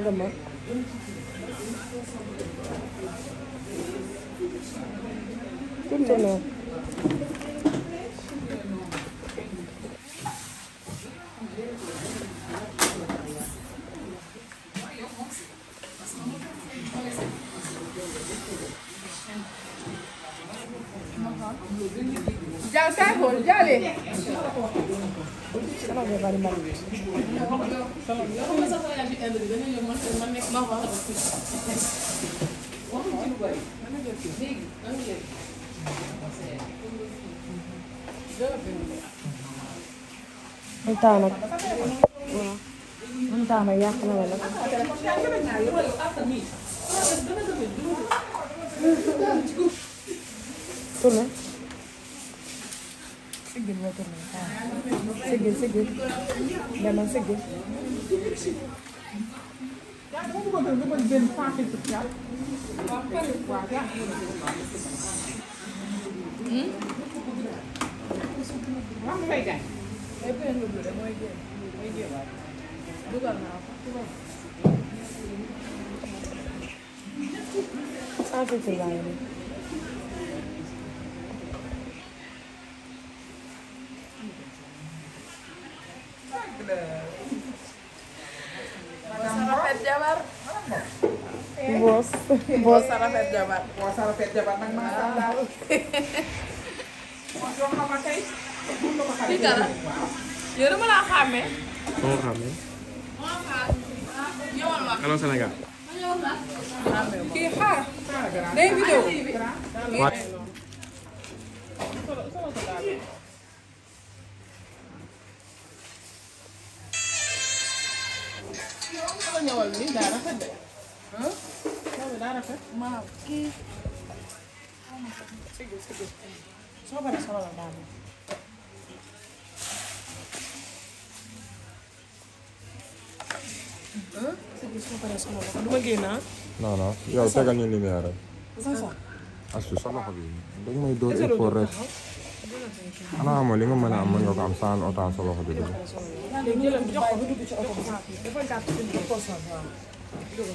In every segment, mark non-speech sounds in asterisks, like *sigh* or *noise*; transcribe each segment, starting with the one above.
Vraiment. Tout honneur. Ya, Sajo, ya le. salon bee bari mbalit. salon bi yow man sa voyage yu Inde bi da nga ñëw man man nekk ma wax wax ci lu bari. léegi da nga jël. Mouta nag. waaw. Mouta nag yàq na la nag. tourné. sigil nga tourné waaw sigil sigil demal sigil. After hmm? the line. boo sa rafet jabar boo sa rafet jabar nag maa ngi daal. waaw yow xam nga tey. kii dara yow dama laa xàmmee. moo xàmmee. ñëwal ma. allo Sénégal. kii xaar. day vidéo. waat. ñëwal nii daa rafet de. daa rafet. waaw kii. sigil sigil soo paree solal daal moom. bi dañ may door effort rek. xanaa amoo li nga mën a am mën nga ko bi dugg. léegi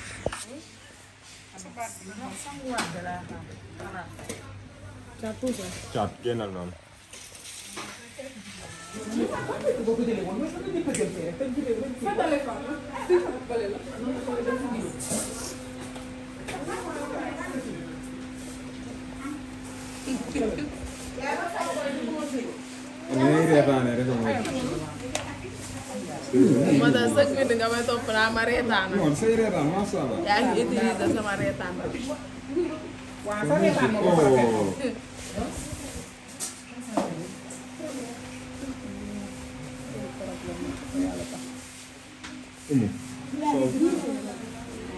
caat génnal noonu nii reetaane rek ma ne sëg bi di nga may topp naa ma reetaan ak. non say reetaan macha allah. yaa ngi utiliser sama reetaan ak. waaw sa reetaan moo ko oh. rafet. umu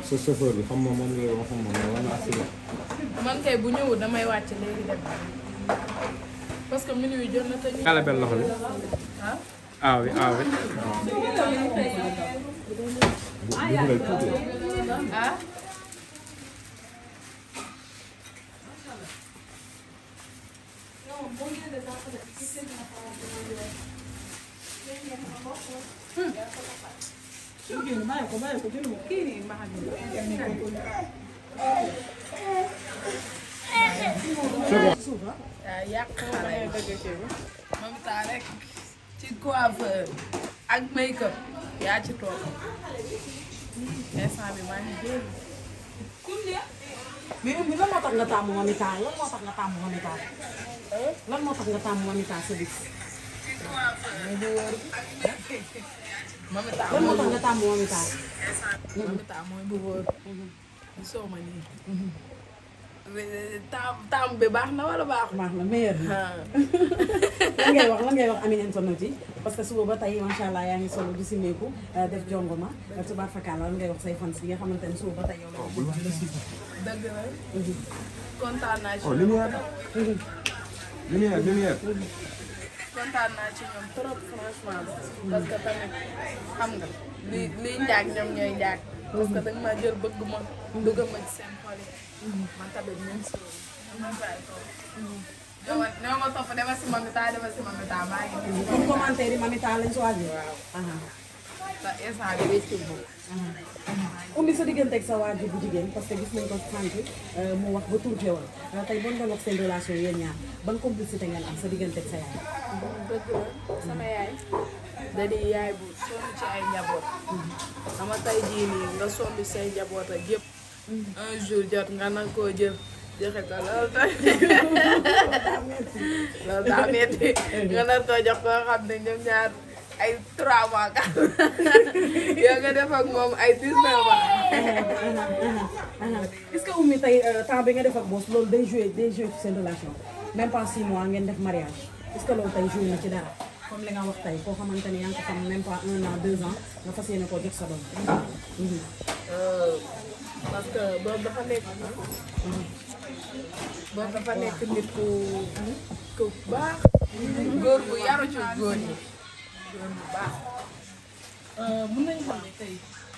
sa chauffeur bi xam nga man la waxoon ma ne wala accident. man kay bu ñëwul damay wàcc léegi dem parce que minuit jot na te ñu. loxo bi. aawi aawi C'est bon. ci coiffeur ak make-up yaa ci toog instant bi maa ngi jéem. mais Oumy lan moo tax nga taamu mamita lan moo tax nga taamu mamita lan moo tax nga taamu mamita sa bis. mamita lan moo tax nga taamu mamita. mamita mooy bu wóor. gisoo ma nii. taam taam bi baax na wala baaxul. baax na meilleur bi. Ah. *laughs* lan ngay wax lan ngay wax amin internet yi parce que suba ba tey macha allah yaa ngi solo di simeeku euh, def jongoma ah. euh, tubaab fakkaar lan ngay wax say fans yi nga xamante ne suba ba tey yow la. Oh, dëgg la. Mhm. kontaan naa ci. lumière oh, lumière lumière. ñoom trop mhm. Mhm. franchement. parce que tamit xam nga. li liy njaag ñoom ñooy njaag. parce que danga maa jël bëgg ma dugal ma ci seen xol yi man tamit même si man fay toog dama dama ma topp si mamita dama si mamita maa ngi nii pour commentaire yi mamita lañ choisir waaw sa instant sa diggante ak sa waajur bu jigéen parce que gis nañ ko sànq euh, mu wax ba tourné woon euh, tey bon nga wax seen relation yéen ñaar ban complicité ngeen am sa diggante sa yaay da di yaay bu sonn ci ay njaboot xama tey jii nii nga sonn say njaboot ak yëpp un jour jot nga nag koo jël joxe ko loolu tam *laughs* loolu daa metti nga nag koo jox koo ay trois ka yow nga def ak moom ay dix-neuf mois est-ce que Oumy tey euh, temps bi nga def ak boss loolu seen relation même pas six mois ngeen def ci dara comme li nga wax tey koo xamante ne yaa ngi ko xam même pas deux ans nga fas yéene koo jox sa doom. Euh, parce que boobu dafa nekk. boobu dafa nekk nit ku ku baax. góor bu yaru ci góor ñi. góor bu baax. Euh, mën nañu xam ne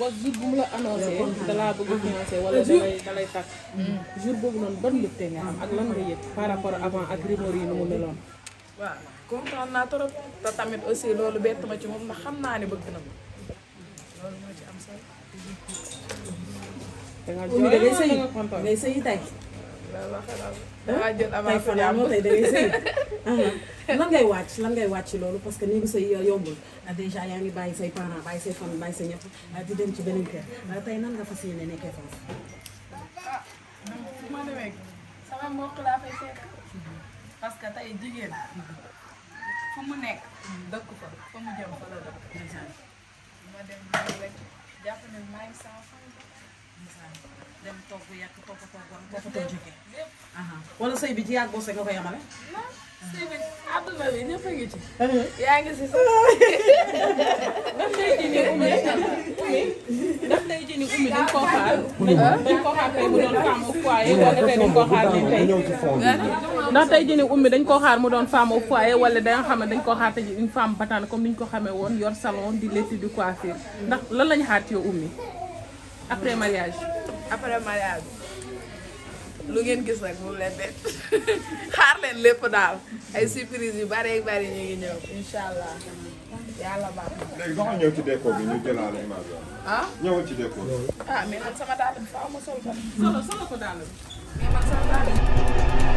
boo jour bu mu la annoncé dalaa bëgg a financé wala dalay dalay takk mm. jour boobu noonu ban mbégte nga am ak lan nga yëg par rapport avant ak rumeur yi nu mu meloon waaw kontaan naa trop te tamit aussi loolu bett ma ci moom ndax xam naa ne bëgg na ma loolu moo ci am solo da nga jooy da ngay sëyi da tey loolu la xelal damaa jël avance tey fanaan moo tey da ngay sëy lan ngay wàcc lan ngay loolu parce que néegu sëy yombul ah, dèjà yaa ngi bàyyi say parents bàyyi say famille bàyyi say ñëpp ah, di dem ci beneen kër ah, tey nan nga fas yéene nekkee foofu. parce que tey jigéen fu mu nekk dem togg yàq togg toggam. dafa togg wala sëy bi ci yàgg bose nga ko yamale. non sëy a ngi ci. yaa ngi si sax. daf lay jëni umi mu doon femme au foyer wala tey ndax tey jëni umi dañ koo xaar mu doon femme au foyer wala da dañ koo xaar tey une femme bataan comme ni ñu ko xamee woon yor salon di létti di coiffure ndax lan lañu xaar ci yow après mariage. après mariage lu ngeen gis nag moom leen bett *laughs* xaar leen lépp daal ay surprise yu bari bari ñu ngi ñëw incha allah yàlla baax na. léegi doxal ñëw ci déco bi ñu jëlaale image bi. ah ñëwal ci déco bi. ah mais man sama daal faaw ma sol ko. solo solo ko daal mais man sama daal